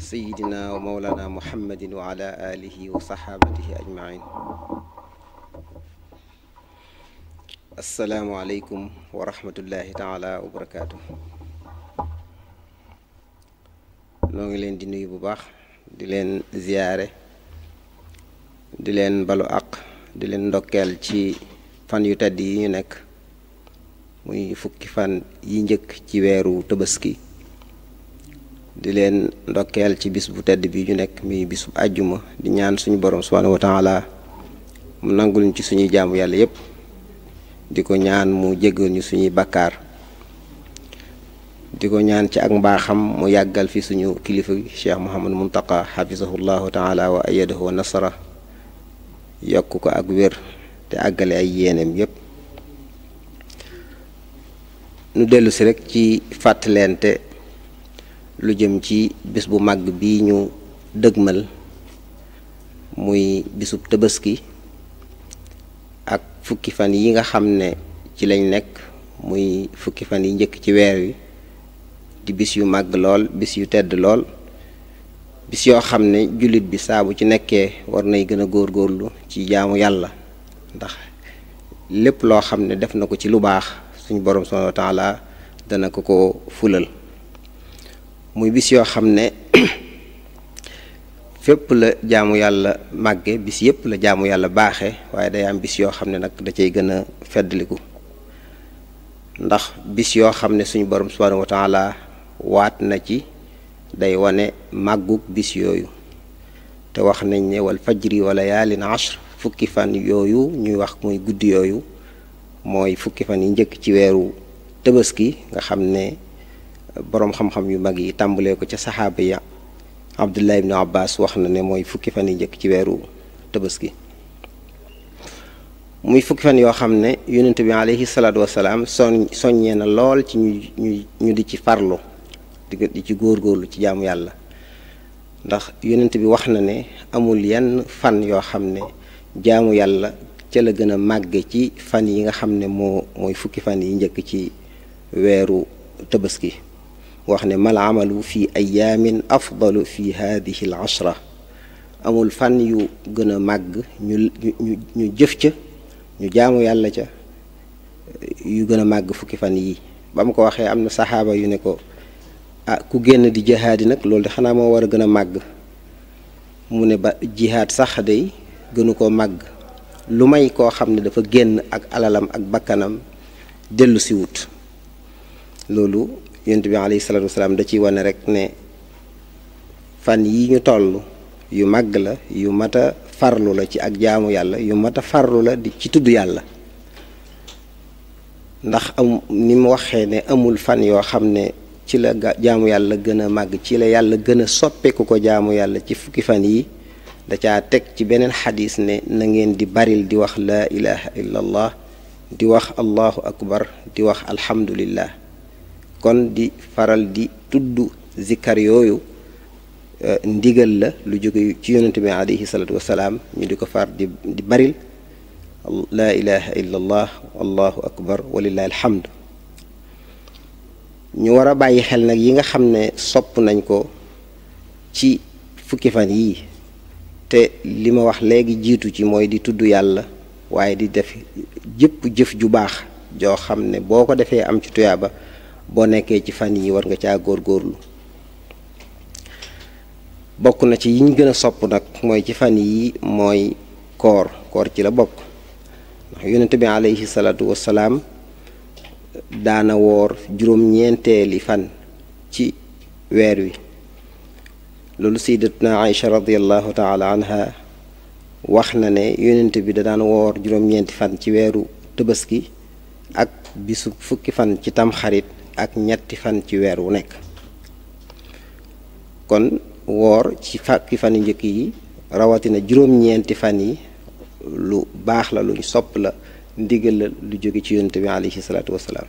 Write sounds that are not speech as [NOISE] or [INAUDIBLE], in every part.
sayidina wa mawlana muhammadin wa ala alihi wa saxaabatihi ajmain asalaamualeykum wa rahmatullahi taala wa barakaatu noo ngi leen di nuyu bu baax di leen ziyaare di leen balu àq di leen ndokkeel ci fan yu tedd yi ñu nekk muy fukki fan yi njëkk ci weeru tabaski di leen ndokkeel ci bis bu tedd bi ñu nekk muy bis bu àjjuma di ñaan suñu borom subhaanahu wa taala mu nangul ñu ci suñuy jaamu yàlla yépp di ko ñaan mu jéggal ñu suñuy bakkaar di ko ñaan ci ak mbaaxam mu yàggal fi suñu kilifa gi cheikh Mouhamadou Mountakha xafisahu llahu taala wa ayadahu wa nasara yokk ko ak wér te àggale ay yéeneem yépp nu rekk si rek ci fàttalente lu jëm ci bis bu màgg bii ñu dëgmal muy bisub tëbaski ak fukki fan yi nga xam ne ci lañ nekk muy fukki fan yi njëkk ci weer wi di bis yu màgg lool bis yu tedd lool bis yoo xam ne jullit bi saabu ci nekkee war nay gën a góorlu ci jaamu yàlla ndax lépp loo xam ne def na ko ci lu baax suñu borom sono wa taala dana ko ko fulal muy bis yoo xam ne [COUGHS] fépp la jaamu yàlla màgge bis yëpp la jaamu yàlla baaxe waaye day am bis yoo xam ne nag da cay gën a feddliku ndax bis yoo xam ne suñu borom subhanahu wa la waat na ci day wane màggug bis yooyu te wax nañ ne wal fajri wa layaalin fukki fan yooyu ñuy wax muy guddi yooyu mooy fukki fan yi njëkk ci weeru tëbaski nga xam ne boroom xam-xam yu mag yi tàmbalee ko ca saxaaba ya abdullah ibnu abbas wax na ne mooy fukki fan yi njëkk ci weeru tabaski muy fukki fan yoo xam ne yonent bi alayhi salaatu wasalaam soñ soññee na lool ci ñu ñu di ci farlu di ci góorgóorlu ci jaamu yàlla ndax yonent bi wax na ne amul yenn fan yoo xam ne jaamu yàlla ca la gën a màgge ci fan yi nga xam ne moo mooy fukki fan yi njëkk ci weeru tabaski wax ne mal amalu fi ayaamin afdalu fi hadihi al amul fan yu gën a màgg ñu jëf ca ñu jaamu yàlla ca yu gën a màgg fukki fan yii ba ko waxee am na saxaaba yu ne ko ah ku génn di jihaadi nag loolu de xanaa moo war a gën a màgg mu ne ba sax day gënu koo màgg lu may koo xam ne dafa génn ak alalam ak bakkanam dellu si wut loolu yonent bi alayhi salaatu wasalaam da ciy wane rek ne fan yi ñu toll yu màgg la yu mat a farlu la ci ak jaamu yàlla yu mat a farlu la di ci tudd yàlla ndax am ni mu waxee ne amul fan yoo xam ne ci la jaamu yàlla gën a màgg ci la yàlla gën a soppeeku ko jaamu yàlla ci fukki fan yi da caa teg ci beneen xadis ne na di baril di wax laa ilaha illa allah di wax allahu akbar di wax alhamdulillah kon di faral di tudd zikkar yooyu eh, ndigal la lu jóge ci yonente bi alayhi salaatu wasalaam ñu di ko far di di baril laa ilaha illa allahu akbar walillahi alhamdu ñu war a bàyyi xel nag yi nga xam ne sopp nañ ko ci fukki fan yii te li ma wax léegi jiitu ci mooy di tudd yàlla waaye di def jëpp jëf ju baax joo xam ne boo ko defee am ci tuyaaba boo nekkee ci fan yi war nga caa góorlu bokk na ci yiñ gën a sopp nag mooy ci fan yi mooy koor koor ci la bokk ndax yonente bi alayhi salaatu wasalaam daana woor juróom-ñeenteeli fan ci weer wi loolu sayyidatuna Aïcha radiallahu taala anha wax na ne yonent bi da daan woor juróom-ñeenti fan ci weeru tëbaski ak bisu fukki fan ci tamxarit ak ñetti fan ci weer wu nekk kon woor ci fàkki fan njëkk yi rawatina juróom-ñeenti fan yi lu baax la luñ sopp la ndigal la lu jóge ci yonent bi alayhi salaatu wasalaam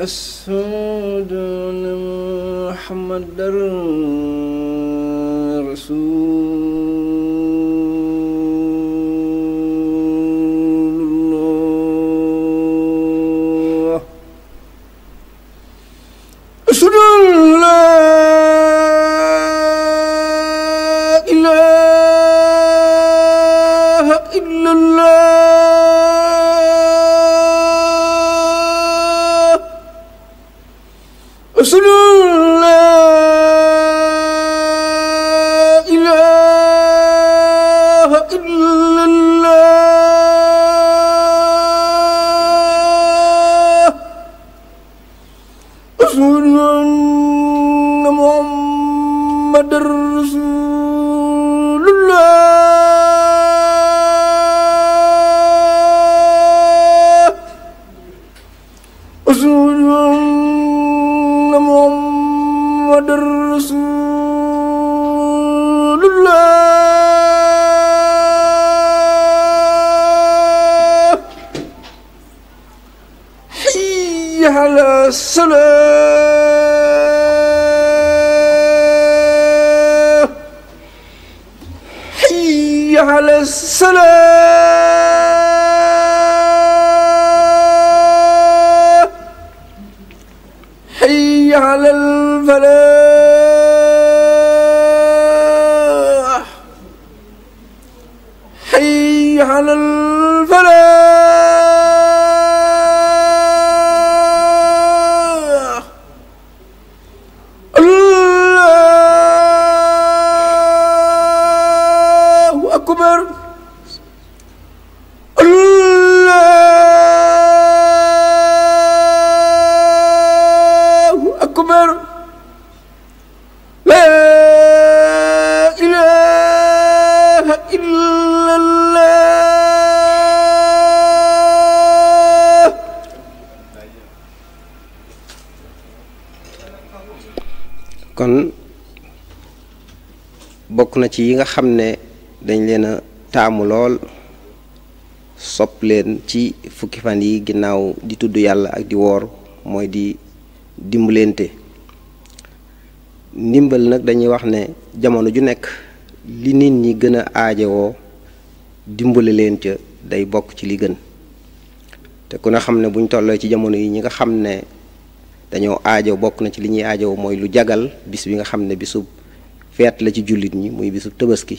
أشهد أن محمد كلا le salat hayya ala salat hayya ala al falah kon bokk na ci yi nga xam ne dañ leen a taamu lool sopp leen ci fukki fan yi ginnaaw di tudd yàlla ak di woor mooy di dimbalante ndimbal nag dañuy wax ne jamono ju nekk li nit ñi gën a aajowoo dimbale leen ca day bokk ci li gën te ku ne xam ne buñ tolloo ci jamono yi ñi nga xam ne dañoo aajo bokk na ci li ñuy aajow mooy lu jagal bis bi nga xam ne bisub feet la ci jullit ñi muy bisub tëbaski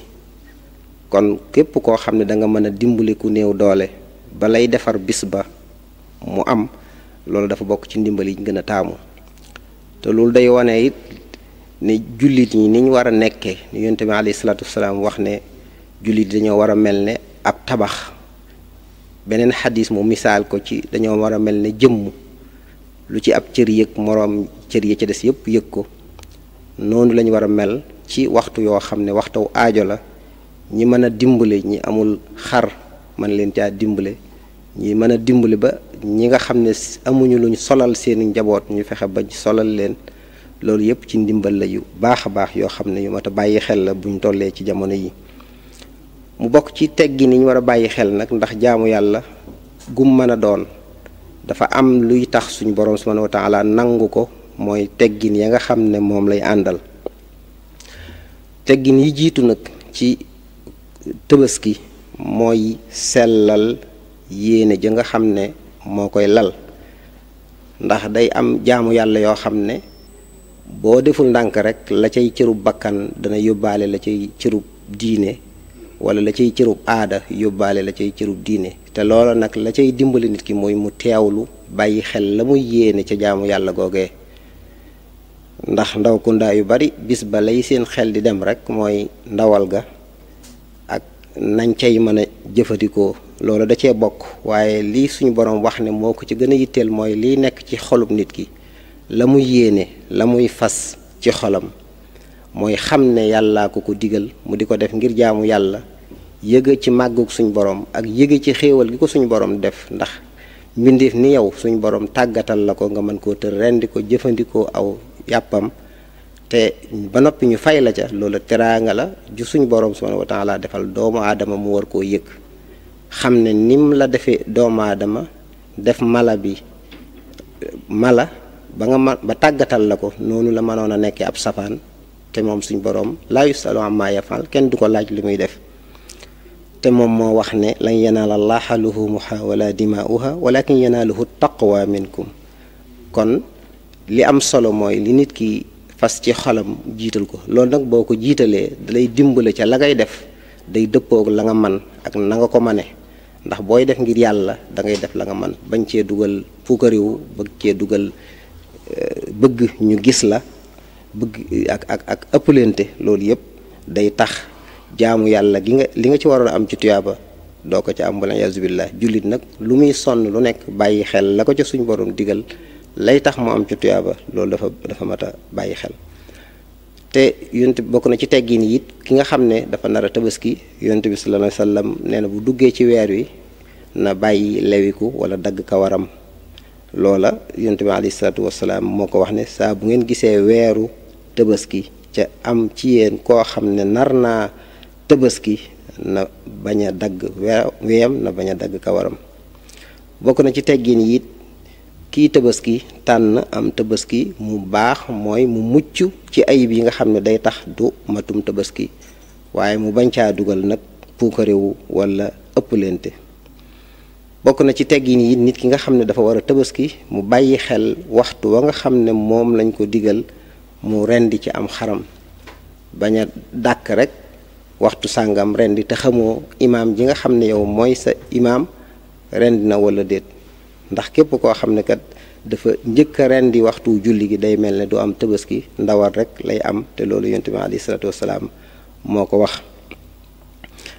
kon képp koo xam ne danga nga mën a dimbali ku néew doole ba lay defar bis ba mu am loolu dafa bokk ci ndimbal yi ñu gën a taamu te loolu day wane it ne jullit yi niñ war a nekkee ni yonte bi alayhi salaatu wasalaam wax ne jullit dañoo war a mel ne ab tabax beneen xadis mu misaal ko ci dañoo war a mel ne jëmm lu ci ab cër yëg moroom cër yi ci des yëpp yëg ko noonu lañu war a mel ci waxtu yoo xam ne waxtaw aajo la ñi mën a dimbale ñi amul xar mën leen caa dimbale ñi mën a dimbale ba ñi nga xam ne amuñu luñ solal seeni njaboot ñu fexe ba solal leen loolu yëpp ci ndimbal la yu baax a baax yoo xam ne yu mat a bàyyi xel la buñ tollee ci jamono yi mu bokk ci teggi ni ñu war a bàyyi xel nag ndax jaamu yàlla gum mën a doon dafa am luy tax suñu borom subhanahu wa taala nangu ko mooy teggin ya nga xam ne moom lay àndal teggin yi jiitu nag ci tëbaski mooy sellal yéene ja nga xam ne moo koy lal ndax day am jaamu yàlla yoo xam ne boo deful ndànk rek la cay cërub bàkkan dana yóbbaale la cay cërub diine wala la cay cërub aada yóbbaale la cay cërub diine te loola nag la cay dimbali nit ki mooy mu teewlu bàyyi xel la muy yéene ca jaamu yàlla googe ndax ndaw kundaa yu bari bis ba lay seen xel di dem rek mooy ndawal ga ak nañ cay mën a jëfandikoo loolu da cee bokk waaye lii suñu borom wax ne moo ko ci gën a yitteel mooy liy nekk ci xolub nit ki la muy yéene la muy fas ci xolam mooy xam ne yàllaa ko ko digal mu di ko def ngir jaamu yàlla yëga ci màggug suñu borom ak yëga ci xéewal gi ko suñu borom def ndax mbindeef ni yow suñu borom tàggatal la ko nga mën koo tër rendi ko jëfandikoo aw yàppam te ba noppi ñu fay la ca loolu teraanga la ju suñ borom subhanahu wa laa defal doomu aadama mu war koo yëg xam ne ni mu la defee doomu aadama def mala bi mala ba nga ma ba tàggatal la ko noonu la mënoon a nekkee ab safaan te moom suñu borom laa yusalu amma yafal kenn du ko laaj li muy def te moom moo wax ne lan yanaala llaaha luhuumuhaa wala dimaa'uhaa walakin yanaaluhu taqwa minkum kon li am solo mooy li nit ki fas ci xolam jiital ko loolu nag boo ko jiitalee dalay dimbale ca la ngay def day dëppoog la nga man ak na nga ko mane ndax booy def ngir yàlla dangay def la nga man bañ cee dugal puukariwu bëgg cee dugal eh, bëgg ñu gis la bëgg ak ak ak ëppalante loolu yépp day tax jaamu yàlla gi nga li nga ci waroon am ci tuyaaba doo ko ci am wala yaasu jullit nag lu muy sonn lu nekk bàyyi xel la ko ca suñu borom digal lay tax mu am ci tuyaaba loolu dafa dafa mat bàyyi xel te yonent bokk na ci teggin yi ki nga xam ne dafa nar a tabaski yonent bi sallallahu alayhi wasallam nee na bu duggee ci weer wi na bàyyi lewiku wala dagg kawaram loola yonent bi alayhi salaatu wasalaam moo ko wax ne saa bu ngeen gisee weeru tabaski ca am ci yéen koo xam ne nar naa tabaski na bañ a dagg weyam na bañ a dagg kawaram bokk na ci teggin yi kii tabaski tànn am tëbëski mu baax mooy mu mucc ci ayib yi nga xam ne day tax du matum tabaski waaye mu bañ caa dugal nag puukarewu wala ëpplente bokk na ci teggin yit nit ki nga xam ne dafa war a tabaski mu bàyyi xel waxtu wa nga xam ne moom lañ ko digal mu rendi ci am xaram bañ a dàkk rek waxtu sàngam rendi te xamoo imaam ji nga xam ne yow mooy sa imaam rendi na walla déet ndax képp koo xam ne kat dafa njëkk a rendi waxtu julli gi day mel ne du am tëbaski ndawal rek lay am te loolu yonent bi alayhi salaatu moo ko wax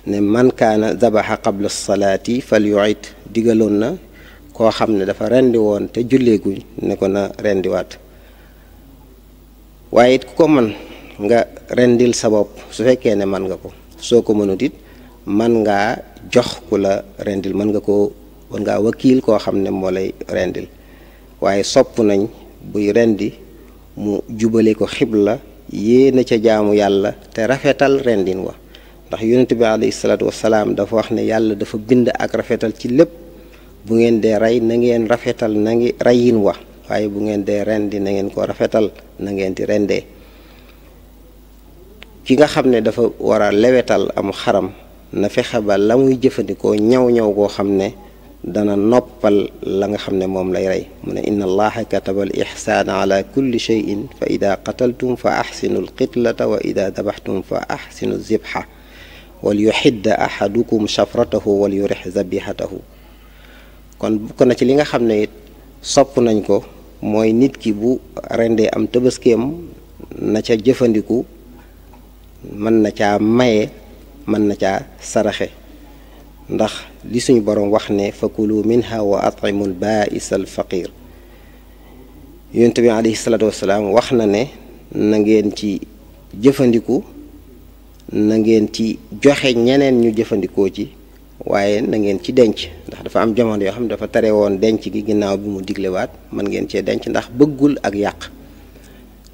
ne man kaana zabaxa qabla salaati digaloon na koo xam ne dafa rendi woon te julleeguñ ne ko na rendiwaat waaye it ku ko man nga rendil sa bopp su fekkee ne man nga ko soo ko mënut it man ngaa jox ku la rendil mën nga koo mën ngaa wakiil koo xam ne moo lay rendil waaye sopp nañ buy rendi mu jubalee ko xibla yéena ca jaamu yàlla te rafetal rendin wa ndax yonent bi alayhi salaatu wasalaam dafa wax ne yàlla dafa bind ak rafetal ci lépp bu ngeen dee rey na ngeen rafetal na ngi reyin waaye bu ngeen dee rendi na ngeen ko rafetal na ngeen di rendee ki nga xam ne dafa war a lewetal am xaram na fexe ba la muy jëfandikoo ñaw ñaw goo xam ne dana noppal la nga xam ne moom lay rey mu ne inna allaha kataba al ixsaana ala kulli cheyin fa ida qataltum fa axsinu alqitlata wa ida dabaxtum fa axsinu zibxa wal yuxidda ahadukum shafratahu wal yurix zabihatahu kon bokk na ci li nga xam ne it sopp nañ ko mooy nit ki bu rendee am tëbaskeem na ca jëfandiku mën na caa maye mën na caa saraxe ndax li suñu borom wax ne fakulu minha wa atimul baisal faqir yonent bi alayhi salaatu wasalaam wax na ne na ngeen ci jëfandiku na ngeen ci joxe ñeneen ñu jëfandikoo ci waaye na ngeen ci denc ndax dafa am jamono yoo xam ne dafa tere woon denc gi ginnaaw bi mu diglewaat mën ngeen cee denc ndax bëggul ak yàq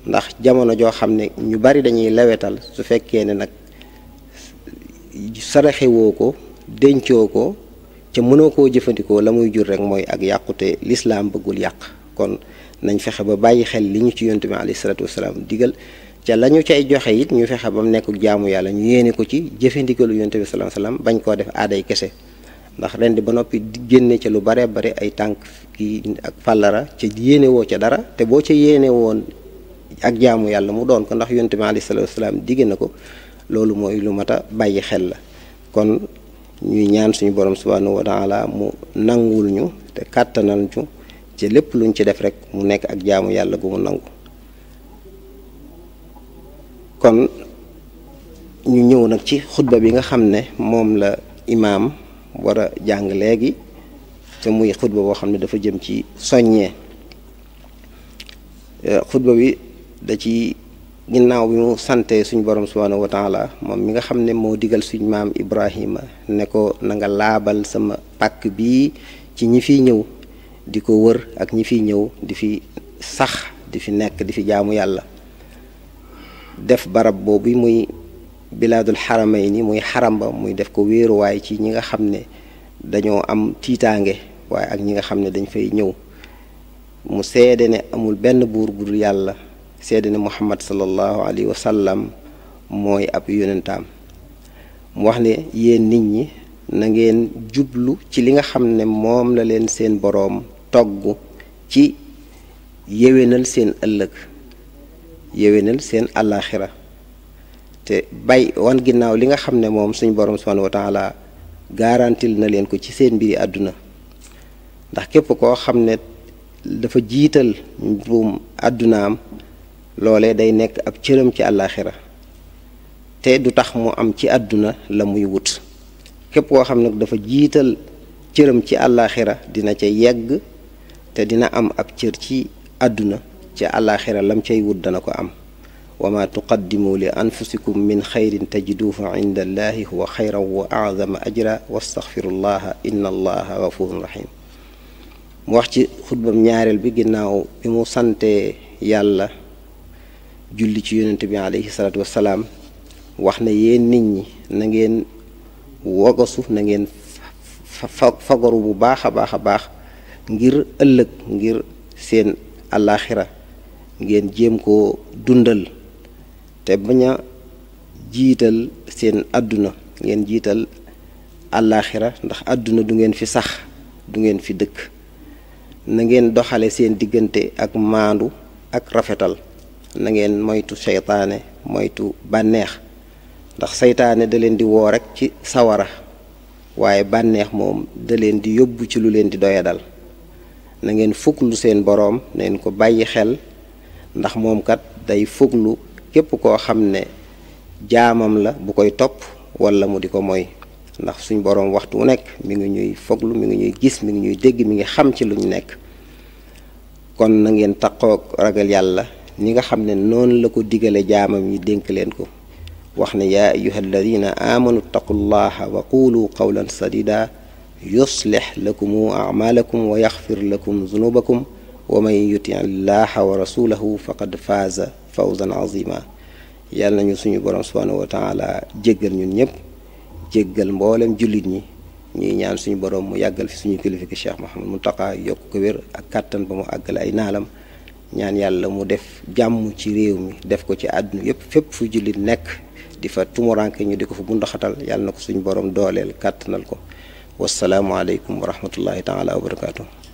ndax jamono joo xam ne ñu bari dañuy lawetal su fekkee ne nag saraxewoo ko dencoo ko ca mënoo koo jëfandikoo la muy jur rek mooy ak yàqute lislaam bëggul yàq kon nañ fexe ba bàyyi xel li ñu ci yontu bi alayhi salaatu wasalaam digal ca la ñu cay joxe it ñu fexe ba mu nekk jaamu yàlla ñu yéene ko ci jëfandikalu yontu bi salaam salaam bañ koo def aaday kese ndax ren ba noppi génne ca lu bare bare ay tànk kii fàllara ca yéene ca dara te boo ca yéene ak jaamu yàlla mu doon ko ndax yonent bi alayhi salaatu wasalaam digge na ko loolu mooy lu mat a bàyyi xel la kon ñuy ñaan suñu borom subhanahu wa taala mu nangul ñu te kàttanal ñu ci lépp luñ ci def rek mu nekk ak jaamu yàlla gu mu nangu kon ñu ñëw nag ci xutba bi nga xam ne moom la imaam war jàng léegi te muy xutba boo xam ne dafa jëm ci soññee eh, xutba bi da ci ginnaaw bi mu sante suñu borom subhanahu wa taala moom mi nga xam ne moo digal suñ maam Ibrahima ne ko nanga laabal sama pàkk bii ci ñi fiy ñëw di ko wër ak ñi fiy ñëw di fi sax di fi nekk di fi jaamu yàlla def barab boobu muy bilaadul xaramay ni muy xaram ba muy def ko wéeruwaay ci ñi nga xam ne dañoo am tiitaange waaye ak ñi nga xam ne dañ fay ñëw mu seede ne amul benn buur bu dul yàlla seede ne muhammad sallallahu alayhi wa mooy ab yonentaam mu wax ne yéen nit ñi na ngeen jublu ci li nga xam ne moom la leen seen boroom togg ci yéwénal seen ëllëg yéwénal seen àllaaxira te bay wan ginnaaw li nga xam ne moom suñ borom subhanahu wa taala garantil na leen ko ci seen mbiri àdduna ndax képp koo xam ne dafa jiital mbuum àddunaam loole day nekk ab cëram ci àllaaxira te du tax mu am ci àdduna la muy wut képp koo xam ne dafa jiital cëram ci àllaaxira dina ca yegg te dina am ab cër ci àdduna ci àllaaxira lam cay wut dana ko am wa ma tuqaddimu li anfusikum min xayrin tajiduhu inda allahi huwa xayran wa azama ajra wastaxfirullaha inna allaha gafurun rahim mu wax ci xutbam ñaareel bi ginnaaw bi mu sante yàlla julli ci yonent bi alayhi salaatu wassalaam wax na yéen nit ñi na ngeen wogosu na ngeen fagaru bu baax a baax a baax ngir ëllëg ngir seen àllaaxira ngeen jéem koo dundal te bañ a jiital seen àdduna ngeen jiital àllaaxira ndax àdduna du ngeen fi sax du ngeen fi dëkk na ngeen doxale seen diggante ak maandu ak rafetal na ngeen moytu seytaane moytu bànneex ndax seytaane da leen di woo rek ci sawara waaye bànneex moom da leen di yóbbu ci lu leen di doyadal na ngeen lu seen boroom na ko bàyyi xel ndax moom kat day fuglu képp koo xam ne jaamam la bu koy topp walla mu di ko mooy ndax suñ boroom waxtu wu nekk mi ngi ñuy foglu mi ngi ñuy gis mi ngi ñuy dégg mi ngi xam ci lu ñu nekk kon na ngeen taqoog ragal yàlla ni nga xam ne noonu la ko digale jaamam ñi dénk leen ko wax ne yaa ayuha alladina aamanu ittaqullaha wa qulu qawlan sadida yuslix lakum acmaalakum wa yaxfir lakum zunubakum wa man yuti llaha wa rasulahu faqad faaza fawzan azima yàlla nañu suñu borom subhanahu wa taala jéggal ñun ñëpp jéggal mboolem jullit ñi ñuy ñaan suñu borom mu yàggal fi suñu kilifa gi Cheikh mu Mountakha yokk ko wér ba mu àggale ay naalam ñaan yàlla mu def jàmm ci réew mi def ko ci àdduna yëpp fépp fu jullit nekk di fa tumuranke ñu di ko fa bundaxatal yàlla na ko suñu borom dooleel kàttanal ko wasalaamualeykum wa rahmatullahi taala wa barakaatu.